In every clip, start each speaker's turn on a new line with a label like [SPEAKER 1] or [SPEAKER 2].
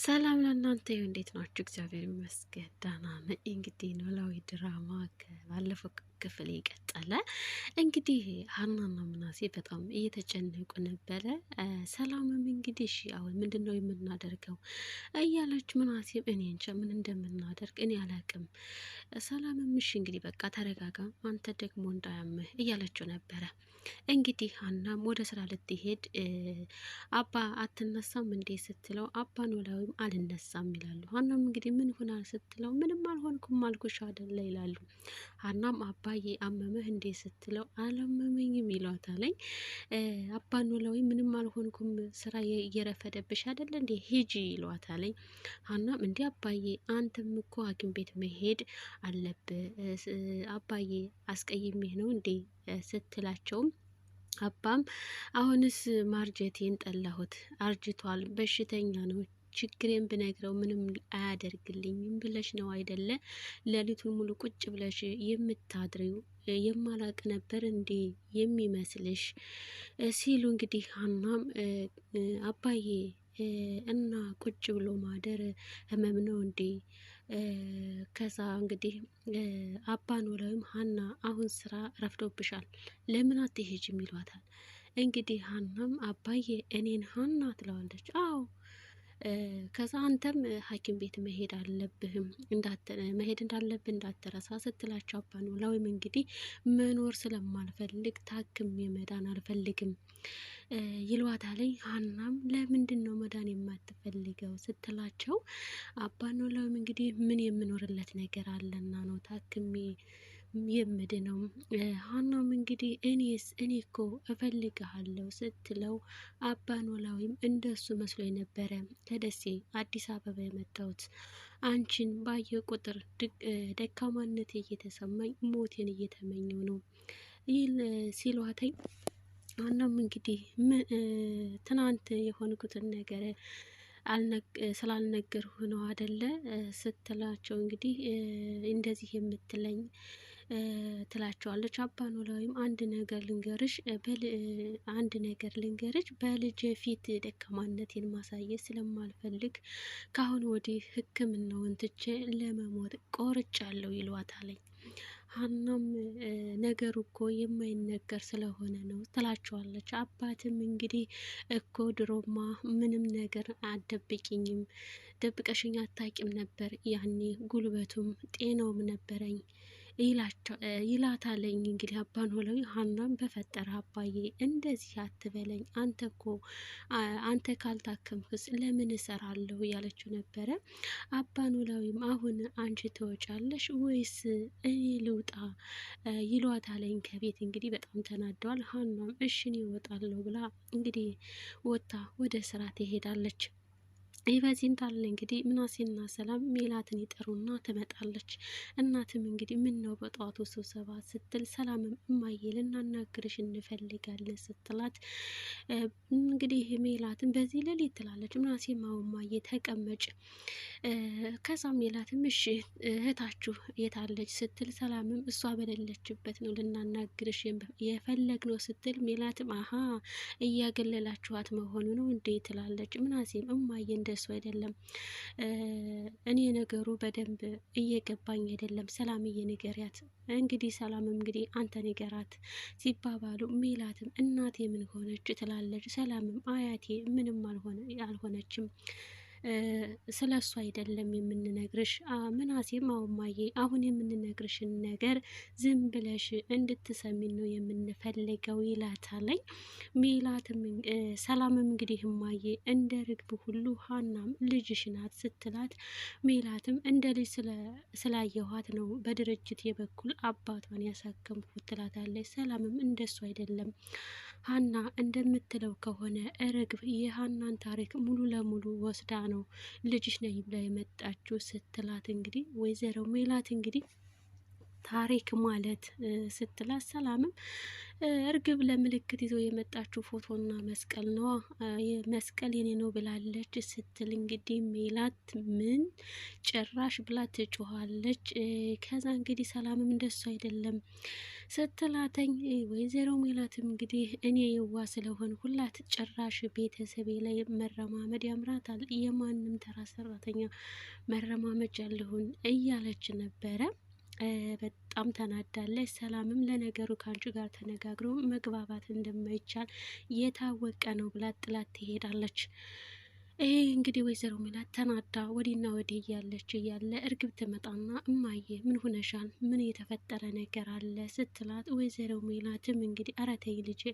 [SPEAKER 1] ሰላም ለእናንተ ይሁን። እንዴት ናችሁ? እግዚአብሔር ይመስገን ደህና ነኝ። እንግዲህ ኖላዊ ድራማ ከባለፈው ክፍል ይቀጠለ። እንግዲህ ሀናና ምናሴ በጣም እየተጨነቁ ነበረ። ሰላምም እንግዲህ እሺ አሁን ምንድን ነው የምናደርገው እያለች ምናሴም እኔ እንጃ ምን እንደምናደርግ እኔ አላቅም። ሰላምም እሺ እንግዲህ በቃ ተረጋጋ፣ አንተ ደግሞ እንዳያምህ እያለችው ነበረ። እንግዲህ ሀናም ወደ ስራ ልትሄድ አባ አትነሳም እንዴ ስትለው አባ ኖላዊም አልነሳም ይላሉ። ሀናም እንግዲህ ምን ሆናል ስትለው ምንም አልሆንኩም አልኩሽ አደለ ይላሉ። ሀናም አባ አባዬ አመመህ እንዴ ስትለው አላመመኝም ይሏታለኝ። አባ ኖላዊ ምንም አልሆንኩም፣ ስራ እየረፈደብሽ አይደለ እንዴ ሂጂ ይሏታለኝ። ሀናም እንዲ አባዬ አንተም እኮ ሐኪም ቤት መሄድ አለብ አባዬ አስቀይሜህ ነው እንዴ ስትላቸውም አባም አሁንስ ማርጀቴን ጠላሁት፣ አርጅቷል፣ በሽተኛ ነው ችግሬን ብነግረው ምንም አያደርግልኝም ብለሽ ነው አይደለ? ሌሊቱን ሙሉ ቁጭ ብለሽ የምታድሪው የማላቅ ነበር እንዴ የሚመስልሽ? ሲሉ እንግዲህ ሀናም አባዬ እና ቁጭ ብሎ ማደር ህመም ነው እንዴ? ከዛ እንግዲህ አባ ኖላዊም ሀና አሁን ስራ ረፍዶብሻል ለምን አትሄጂም ይሏታል። እንግዲህ ሀናም አባዬ እኔን ሀና ትለዋለች። አዎ ከዛ አንተም ሐኪም ቤት መሄድ አለብህም መሄድ እንዳለብህ እንዳትረሳ ስትላቸው አባ ኖላዊም እንግዲህ መኖር ስለማልፈልግ ታክሜ መዳን አልፈልግም ይሏታለኝ። ሀናም ለምንድን ነው መዳን የማትፈልገው ስትላቸው አባ ኖላዊም እንግዲህ ምን የምኖርለት ነገር አለና ነው ታክሜ የምድነው። ሀናም እንግዲህ እኔስ እኔ እኮ እፈልግሃለሁ ስትለው አባ ኖላዊም እንደሱ መስሎ የነበረ ከደሴ አዲስ አበባ የመጣሁት አንቺን ባየ ቁጥር ደካማነት እየተሰማኝ ሞቴን እየተመኘው ነው ይል ሲሏተኝ አናም እንግዲህ ትናንት የሆንኩትን ነገር ስላልነገርሁ ነው አደለ ስትላቸው እንግዲህ እንደዚህ የምትለኝ ትላቸዋለች። አባ ኖላዊም አንድ ነገር ልንገርሽ አንድ ነገር ልንገርሽ፣ በልጄ ፊት ደካማነቴን ማሳየት ስለማልፈልግ ከአሁን ወዲህ ሕክምናውን ትቼ ለመሞት ቆርጫለሁ ይሏታለኝ። ሀናም ነገሩ እኮ የማይነገር ስለሆነ ነው ትላቸዋለች። አባትም እንግዲህ እኮ ድሮማ ምንም ነገር አደብቅኝም ደብቀሽኝ አታቂም ነበር፣ ያኔ ጉልበቱም ጤናውም ነበረኝ ይላታለኝ። እንግዲህ አባን ኖላዊ ሀናን በፈጠረ አባዬ እንደዚህ አትበለኝ፣ አንተ ኮ አንተ ካልታከምክስ ለምን እሰራለሁ እያለችው ነበረ። አባን ኖላዊም አሁን አንቺ ትወጫለሽ ወይስ እኔ ልውጣ ይሏታለኝ ከቤት እንግዲህ በጣም ተናደዋል። ሀናም እሽን ይወጣለሁ ብላ እንግዲህ ወታ ወደ ስራ ትሄዳለች። ይህ በዚህ እንዳለ እንግዲህ ምናሴና ሰላም ሜላትን ይጠሩና ትመጣለች። እናትም እንግዲህ ምን ነው በጠዋቱ ስብሰባ ስትል ሰላምም እማዬ ልናናግርሽ እንፈልጋለን ስትላት እንግዲህ ሜላትን በዚህ ሌሊት ትላለች። ምናሴም አዎ እማዬ ተቀመጭ። ከዛ ሜላትም እሺ እህታችሁ የታለች ስትል ሰላምም እሷ በሌለችበት ነው ልናናግርሽ የፈለግ ነው ስትል ሜላትም አሀ እያገለላችኋት መሆኑ ነው እንዴ ትላለች። ምናሴም እማዬ እንደ እንደሱ አይደለም። እኔ ነገሩ በደንብ እየገባኝ አይደለም። ሰላምዬ ንገሪያት። እንግዲህ ሰላምም እንግዲህ አንተ ንገራት ሲባባሉ ሜላትም እናቴ ምን ሆነች ትላለች። ሰላምም አያቴ ምንም አልሆነችም ስለ እሱ አይደለም የምንነግርሽ። ምናሴም አውማዬ አሁን የምንነግርሽን ነገር ዝም ብለሽ እንድትሰሚን ነው የምንፈልገው ይላታለኝ። ሜላትም ሰላምም እንግዲህ እማዬ እንደ ርግብ ሁሉ ሀናም ልጅሽ ናት ስትላት፣ ሜላትም እንደ ልጅ ስላየኋት ነው በድርጅት የበኩል አባቷን ያሳከምኩት ትላታለች። ሰላምም እንደሱ አይደለም ሀና እንደምትለው ከሆነ እርግብ የሀናን ታሪክ ሙሉ ለሙሉ ወስዳ ነው ልጅሽ ነኝ ብላ የመጣችው ስትላት እንግዲህ ወይዘሮ ሜላት እንግዲህ ታሪክ ማለት ስትላት፣ ሰላምም እርግብ ለምልክት ይዘው የመጣችው ፎቶና መስቀል ነው፣ መስቀል የኔ ነው ብላለች ስትል እንግዲህ ሜላት ምን ጭራሽ ብላ ትጮኋለች። ከዛ እንግዲህ ሰላምም እንደሱ አይደለም ስትላተኝ ወይዘሮ ሜላትም እንግዲህ እኔ የዋ ስለሆን ሁላት ጭራሽ ቤተሰቤ ላይ መረማመድ ያምራታል የማንም ተራ ሰራተኛ መረማመድ ያለሁን እያለች ነበረ። በጣም ተናዳለች። ሰላምም ለነገሩ ከአንቺ ጋር ተነጋግሮ መግባባት እንደማይቻል የታወቀ ነው ብላ ጥላት ትሄዳለች። ይሄ እንግዲህ ወይዘሮ ሜላት ተናዳ ወዲና ወዲህ እያለች እያለ እርግብ ትመጣና እማዬ ምን ሁነሻል? ምን የተፈጠረ ነገር አለ? ስትላት ወይዘሮ ሜላትም እንግዲህ አረተይ ልጄ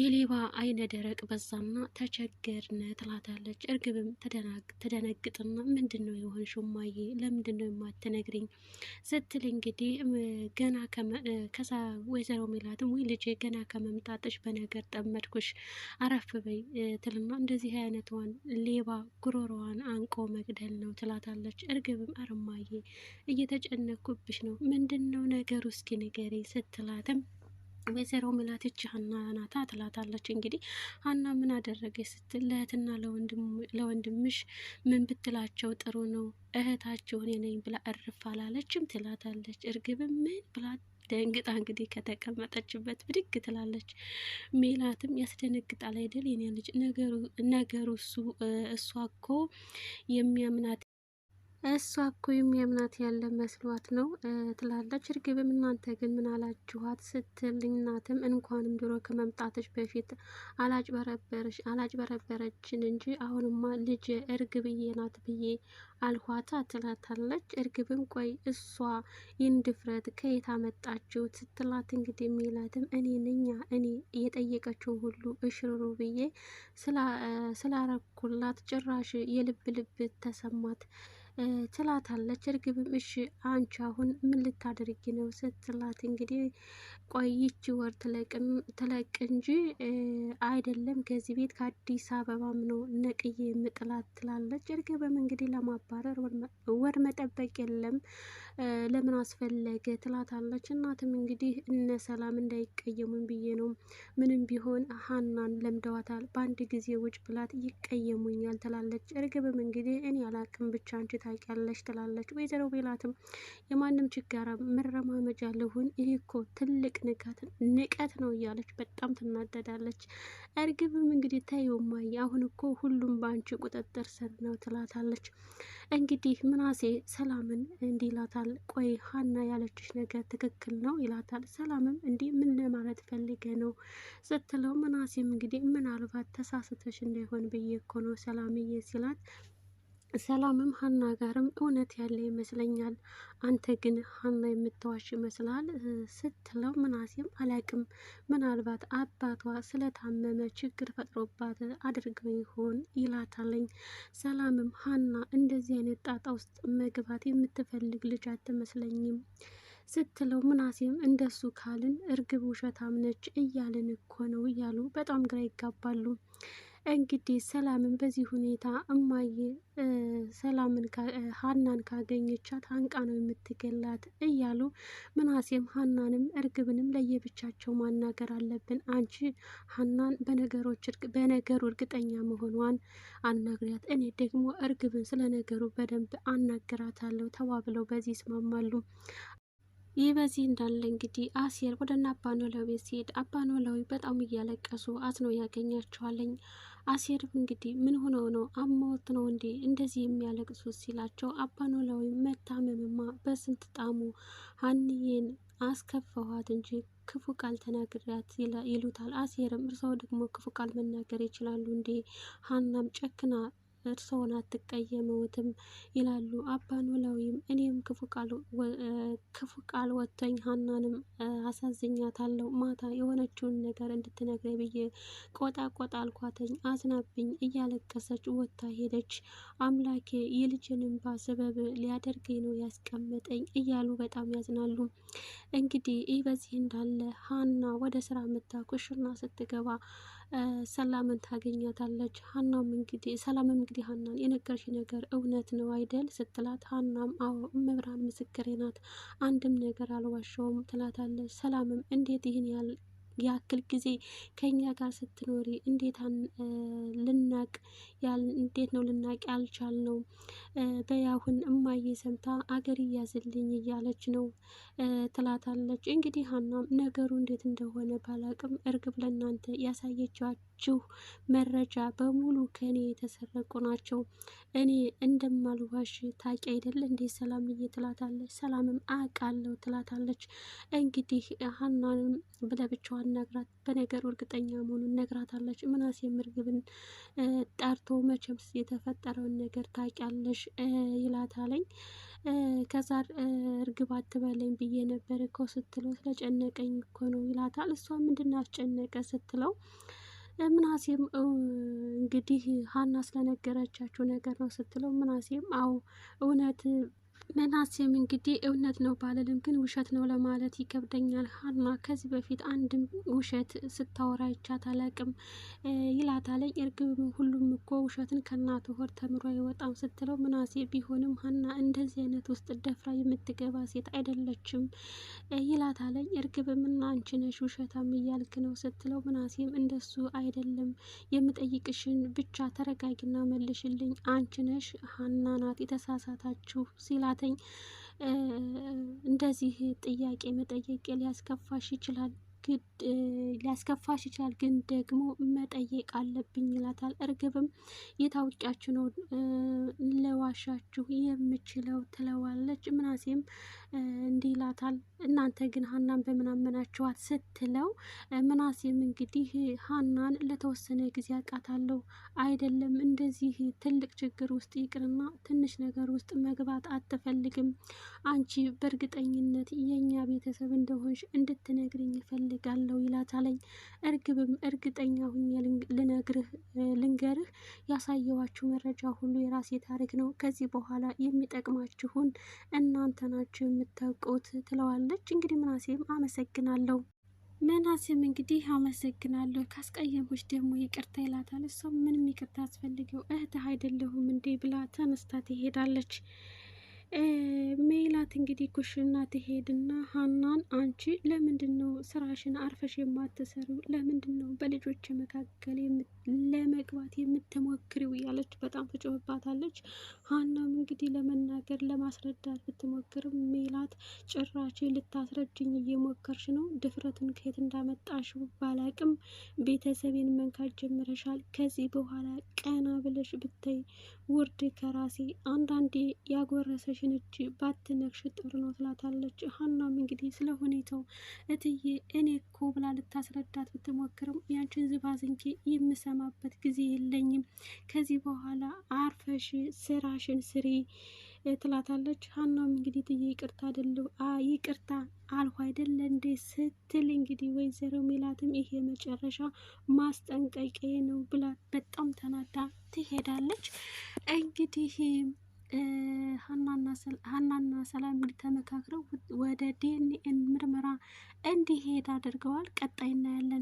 [SPEAKER 1] የሌባ አይነ ደረቅ በዛና ተቸገርነ ትላታለች። እርግብም ተደነግጥና ምንድን ነው የሆን ሹማዬ ለምንድን ነው የማትነግሪኝ ስትል እንግዲህ ገና ከዛ ወይዘሮ ሜላትም ወይ ልጄ ገና ከመምጣትሽ በነገር ጠመድኩሽ አረፍ በይ ትልና እንደዚህ አይነቷን ሌባ ጉሮሮዋን አንቆ መግደል ነው ትላታለች። እርግብም አርማዬ እየተጨነኩብሽ ነው ምንድን ነው ነገሩ እስኪ ንገሪ ስትላትም ወይዘሮ ሜላትች ሀና ናታ ትላታለች። እንግዲህ ሀና ምን አደረገች ስትል ለእህትና ለወንድምሽ ምን ብትላቸው ጥሩ ነው እህታቸው እኔ ነኝ ብላ እርፍ አላለችም ትላታለች። እርግብም ምን ብላ ደንግጣ እንግዲህ ከተቀመጠችበት ብድግ ትላለች። ሜላትም ያስደነግጣል አይደል የኔ ልጅ ነገሩ ነገሩ እሱ እሷ እኮ የሚያምናት እሷ እኮ የሚያምናት ያለ መስሏት ነው ትላለች። እርግብም እናንተ ግን ምን አላችኋት ስትል እናትም እንኳንም ድሮ ከመምጣትሽ በፊት አላጭበረበረሽ አላጭበረበረችን እንጂ አሁንማ ልጅ እርግብዬ ናት ብዬ አልኋታ ትላታለች። እርግብም ቆይ እሷ ይህን ድፍረት ከየት አመጣችው ስትላት እንግዲህ የሚላትም እኔ ነኛ እኔ የጠየቀችውን ሁሉ እሽሩሩ ብዬ ስላረኩላት ጭራሽ የልብ ልብ ተሰማት ትላታለች። እርግብም እሺ አንቺ አሁን ምን ልታደርጊ ነው ስትላት እንግዲህ ቆይቺ ወር ትለቅ እንጂ አይደለም ከዚህ ቤት ከአዲስ አበባም ነው ነቅዬ የምጥላት ትላለች። እርግብም እንግዲህ ለማባረር ወር መጠበቅ የለም ለምን አስፈለገ ትላታለች። እናትም እንግዲህ እነ ሰላም እንዳይቀየሙን ብዬ ነው ምንም ቢሆን ሀናን ለምደዋታል በአንድ ጊዜ ውጭ ብላት ይቀየሙኛል ትላለች። እርግብም እንግዲህ እኔ አላቅም ብቻ አንቺ ታውቂያለሽ ትላለች። ወይዘሮ ሜላትም የማንም ችጋራ መረማመጃ ልሁን፣ ይህ እኮ ትልቅ ንቀት ነው እያለች በጣም ትናደዳለች። እርግብም እንግዲህ ተይ እማዬ፣ አሁን እኮ ሁሉም በአንቺ ቁጥጥር ስር ነው ትላታለች። እንግዲህ ምናሴ ሰላምን እንዲህ ይላታል፣ ቆይ ሀና ያለችሽ ነገር ትክክል ነው ይላታል። ሰላምም እንዲህ ምን ለማለት ፈልገ ነው ስትለው ምናሴም እንግዲህ ምናልባት ተሳስተሽ እንዳይሆን ብዬ እኮ ነው ሰላምዬ ሲላት ሰላምም ሀና ጋርም እውነት ያለ ይመስለኛል። አንተ ግን ሀና የምትዋሽ ይመስላል ስትለው ምናሴም አላቅም፣ ምናልባት አባቷ ስለታመመ ችግር ፈጥሮባት አድርገው ይሆን ይላታለኝ። ሰላምም ሀና እንደዚህ አይነት ጣጣ ውስጥ መግባት የምትፈልግ ልጅ አትመስለኝም ስትለው ምናሴም እንደሱ ካልን እርግብ ውሸታም ነች እያልን እኮ ነው እያሉ በጣም ግራ ይጋባሉ። እንግዲህ ሰላምን በዚህ ሁኔታ እማዬ ሰላምን ሀናን ካገኘቻት አንቃ ነው የምትገላት እያሉ ምናሴም ሀናንም እርግብንም ለየብቻቸው ማናገር አለብን። አንቺ ሀናን በነገሮች በነገሩ እርግጠኛ መሆኗን አናግሪያት፣ እኔ ደግሞ እርግብን ስለ ነገሩ በደንብ አናግራታለሁ ተባብለው በዚህ ይስማማሉ። ይህ በዚህ እንዳለ እንግዲህ አሴር ወደና አባኖላዊ ቤት ሲሄድ አባኖላዊ በጣም እያለቀሱ አዝኖ ያገኛቸዋለኝ። አሴርም እንግዲህ ምን ሆነው ነው አሞት ነው እንዴ እንደዚህ የሚያለቅሱ ሲላቸው አባኖላዊ መታመምማ በስንት ጣሙ ሀንዬን አስከፈዋት እንጂ ክፉ ቃል ተናግሪያት ይሉታል። አሴርም እርሰው ደግሞ ክፉ ቃል መናገር ይችላሉ እንዴ? ሀናም ጨክና እርስዎን አትቀየመውትም ይላሉ። አባኖላዊም ክፉ ቃል ወጥተኝ ሀናንም አሳዝኛታለሁ። ማታ የሆነችውን ነገር እንድትነግረ ብዬ ቆጣ ቆጣ አልኳተኝ። አዝናብኝ እያለቀሰች ወታ ሄደች። አምላኬ የልጅንም ባሰበብ ሊያደርገኝ ነው ያስቀመጠኝ እያሉ በጣም ያዝናሉ። እንግዲህ ይህ በዚህ እንዳለ ሀና ወደ ስራ ምታ ኩሽና ስትገባ ሰላምን ታገኛታለች። ሀናም እንግዲህ ሰላምም እንግዲህ ሀናን የነገርሽ ነገር እውነት ነው አይደል ስትላት፣ ሀናም አዎ መብራን ምስክሬ ናት፣ አንድም ነገር አልዋሸውም ትላታለች። ሰላምም እንዴት ይህን ያል ያክል ጊዜ ከኛ ጋር ስትኖሪ እንዴት ልናቅ እንዴት ነው ልናቅ ነው? በያሁን እማዬ ሰምታ አገር እያዝልኝ እያለች ነው ትላታለች። እንግዲህ ሀናም ነገሩ እንዴት እንደሆነ ባላቅም እርግብ ለእናንተ ያሳየቻችሁ መረጃ በሙሉ ከእኔ የተሰረቁ ናቸው። እኔ እንደማልዋሽ ታቂ አይደል እንዴ ሰላምዬ ትላታለች። ሰላምም አቃለው ትላታለች። እንግዲህ ሀናንም ብለብቻ አናግራት በነገሩ እርግጠኛ መሆኑን ነግራታለች። ምናሴ ምርግብን ጠርቶ መቼም የተፈጠረውን ነገር ታውቂያለሽ ይላታለኝ። ከዛ እርግብ አትበለኝ ብዬ ነበር እኮ ስትለው ስለጨነቀኝ እኮ ነው ይላታል። እሷ ምንድን አስጨነቀ ስትለው ምናሴም እንግዲህ ሀና ስለነገረቻችሁ ነገር ነው ስትለው ምናሴም አዎ እውነት መናሴም እንግዲህ እውነት ነው ባለልም ግን ውሸት ነው ለማለት ይከብደኛል። ሀና ከዚህ በፊት አንድም ውሸት ስታወራ ይቻት አላቅም ይላታል። እርግብ ሁሉም እኮ ውሸትን ከእናቱ ሆድ ተምሮ አይወጣም ስትለው ምናሴ ቢሆንም ሀና እንደዚህ አይነት ውስጥ ደፍራ የምትገባ ሴት አይደለችም ይላታለኝ እርግብም እና አንቺ ነሽ ውሸታም እያልክ ነው ስትለው ምናሴም እንደሱ አይደለም የምጠይቅሽን ብቻ ተረጋጊና መልሽልኝ አንቺ ነሽ ሀና ናት የተሳሳታችሁ ሲላ ስትላተኝ እንደዚህ ጥያቄ መጠየቅ ሊያስከፋሽ ይችላል ግድ ሊያስከፋሽ ይችላል፣ ግን ደግሞ መጠየቅ አለብኝ ይላታል። እርግብም የታውቂያችሁ ነው ለዋሻችሁ የምችለው ትለዋለች። ምናሴም እንዲህ ይላታል፣ እናንተ ግን ሀናን በምናመናችኋት ስትለው ምናሴም እንግዲህ ሀናን ለተወሰነ ጊዜ አውቃታለሁ አይደለም እንደዚህ ትልቅ ችግር ውስጥ ይቅርና ትንሽ ነገር ውስጥ መግባት አትፈልግም። አንቺ በእርግጠኝነት የእኛ ቤተሰብ እንደሆንሽ እንድትነግርኝ ይፈልግ እፈልጋለሁ ይላታለኝ። እርግብም እርግጠኛ ሁኜ ልነግርህ ልንገርህ ያሳየኋችሁ መረጃ ሁሉ የራሴ ታሪክ ነው። ከዚህ በኋላ የሚጠቅማችሁን እናንተ ናችሁ የምታውቁት ትለዋለች። እንግዲህ ምናሴም አመሰግናለሁ መናሴም እንግዲህ አመሰግናለሁ ካስቀየሙች ደግሞ ይቅርታ ይላታል። እሷም ምንም ይቅርታ አስፈልገው እህትህ አይደለሁም እንዴ ብላ ተነስታ ትሄዳለች። ሜላት እንግዲህ ኩሽና ትሄድና ሀናን አንቺ ለምንድን ነው ስራሽን አርፈሽ የማትሰሩ? ለምንድን ነው በልጆች መካከል የምት ለመግባት የምትሞክሪው እያለች በጣም ትጮህባታለች። ሀናም እንግዲህ ለመናገር ለማስረዳት ብትሞክርም ሜላት ጭራች ልታስረጅኝ እየሞከርሽ ነው፣ ድፍረቱን ከየት እንዳመጣሽ ባላቅም ቤተሰቤን መንካት ጀምረሻል። ከዚህ በኋላ ቀና ብለሽ ብታይ ውርድ ከራሴ አንዳንዴ ያጎረሰሽን እጅ ባትነክሽ ጥሩ ነው ትላታለች። ሀናም እንግዲህ ስለ ሁኔታው እትዬ እኔ እኮ ብላ ልታስረዳት ብትሞክርም ያንቺን ዝባዝንኬ ይምሰ የምሰማበት ጊዜ የለኝም። ከዚህ በኋላ አርፈሽ ስራሽን ስሪ ትላታለች። ሀናም እንግዲህ ጥዬ ይቅርታ አደለው ይቅርታ አልሁ አይደለ እንዴ ስትል እንግዲህ ወይዘሮ ሜላትም ይሄ የመጨረሻ ማስጠንቀቂያ ነው ብላ በጣም ተናዳ ትሄዳለች። እንግዲህ ሀናና ሰላም እንግዲህ ተመካክረው ወደ ዲኤንኤ ምርመራ እንዲሄድ አድርገዋል። ቀጣይ እናያለን።